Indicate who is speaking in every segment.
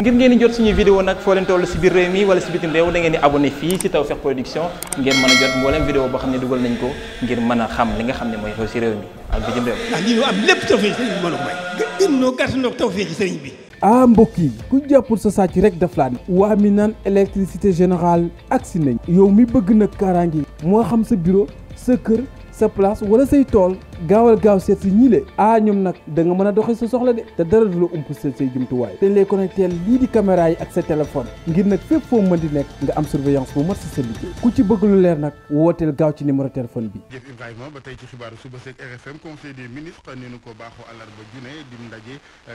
Speaker 1: ngir ngeen di jot suñu vidéo nag foo leen toll si biir réew mi wala si bitim réew da ngeen di abonné fii si Tawfekh Production ngeen mën a jot mboolem vidéo boo xam ne dugal nañ ko ngir mën a xam li nga xam ne mooy xew si réew mi ak ah, bi mën a may. gën noo gàtt noo tawfeex bi.
Speaker 2: ah mbokk yi ku jàppul sa sàcc rek daf laan waa mi naan électricité générale agsi nañ. yow mi bëgg nag kaaraange moo xam sa bureau sa kër sa place wala say tool gaawal gaaw seet si ñii le ah nag da nga mën a dox si soxla de te dara du la ump sa say jumtuwaay te ñu lay connecté lii di caméra yi ak sa téléphone ngir nag fépp foo mën di nekk nga am surveillance bu mat si sa liggéey ku ci bëgg lu leer nag wooteel gaaw ci numéro téléphone bi.
Speaker 3: jëf Ibrahima ba tey ci xibaaru suba seeg RFM conseil des ministres ni nu ko baaxoo àllarba junne di ndaje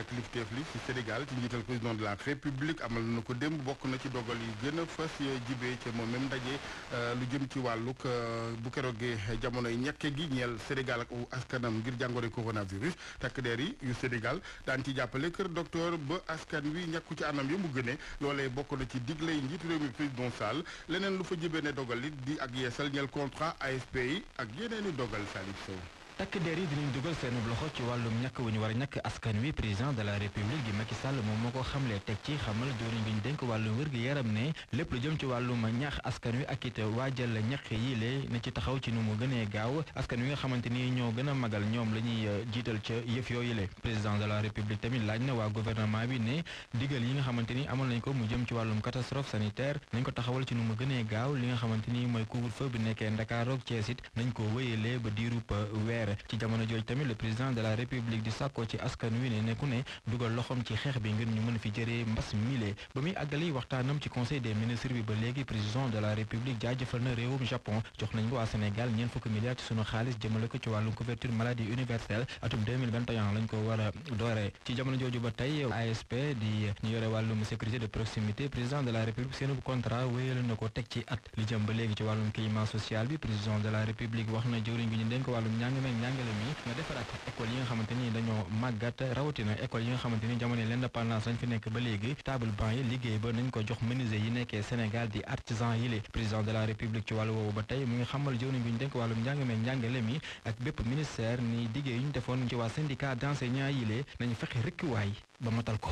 Speaker 3: kilifteef li ci Sénégal ci njiital président de la république amal na ko démb bokk na ci dogal yi gën a fas jibee ca moom même ndaje euh, lu jëm ci wàllug euh, bu keroog jamonoy ñàkk gi ñeel Sénégal askanam ngir jàngoro coronavirus takk der yi yu Sénégal daan ci jàppale kër docteur ba askan wi ñàkku ci anam ya mu gënee loolee bokk na ci diglay njiitu réew mi président leneen lu fa jibee ne dogal di ak yeesal ñel contrat ASP yi ak yeneeni dogal Salif Sow
Speaker 4: takk der yi dinañ dugal seen loxo ci wàllum ñàkk wu ñu war a ñàkk askan wi président de la république di Macky Sall moom moo ko xamle teg ci xamal joriñ bi ñu dénk wàllum wér gi yaram ne lépp lu jëm ci wàllum ñaax askan wi ak it waajal ñàkk yi lee na ci taxaw ci nu mu gënee gaaw askan wi nga xamante ni ñoo gën a magal ñoom la ñuy euh, jiital ca yëf yooyu le président de la république tamit laaj na waa gouvernement bi ne digal yi nga xamante ni amal nañ ko mu jëm ci wàllum catastrophe sanitaire nañ ko taxawal ci nu mu gënee gaaw li nga xamante ni mooy couvre-feu nekkee Ndakaaroog Cees it nañ ko wéyelee ba euh, APR ci jamono jooju tamit le président de la république di sàkkoo ci askan wi ne nekku ne dugal loxoom ci xeex bi ngir ñu mën fi jëree mbas muy àggali waxtaanam ci conseil des ministres bi ba léegi président de la république jaajëfal na réewum Japon jox nañ ko waa Sénégal ñeent fukki milliards ci sunu xaalis jëmale ko ci wàllum couverture maladie universelle atum 2021 ko war a dooree ci jamono jooju ba tey ASP di ñu yore wàllum sécurité de proximité président njàngale mi nga defaraat école yi nga xamante ni dañoo màggat rawatina école yi nga xamante ni jamono l'indépendance lañ fi nekk ba léegi table banc yi liggéey ba nañ ko jox menuisier yi nekkee Sénégal di artisan yi li président de la république ci wàllu woowu ba tey mu ngi xamal jëwriñ bi ñu dénk wàllum njàng meek njàngale mi ak bépp ministère ni diggée yu ñu defoon ci waa syndicat d'enseignants yi nañu fexe rëkkiwaay ba matal ko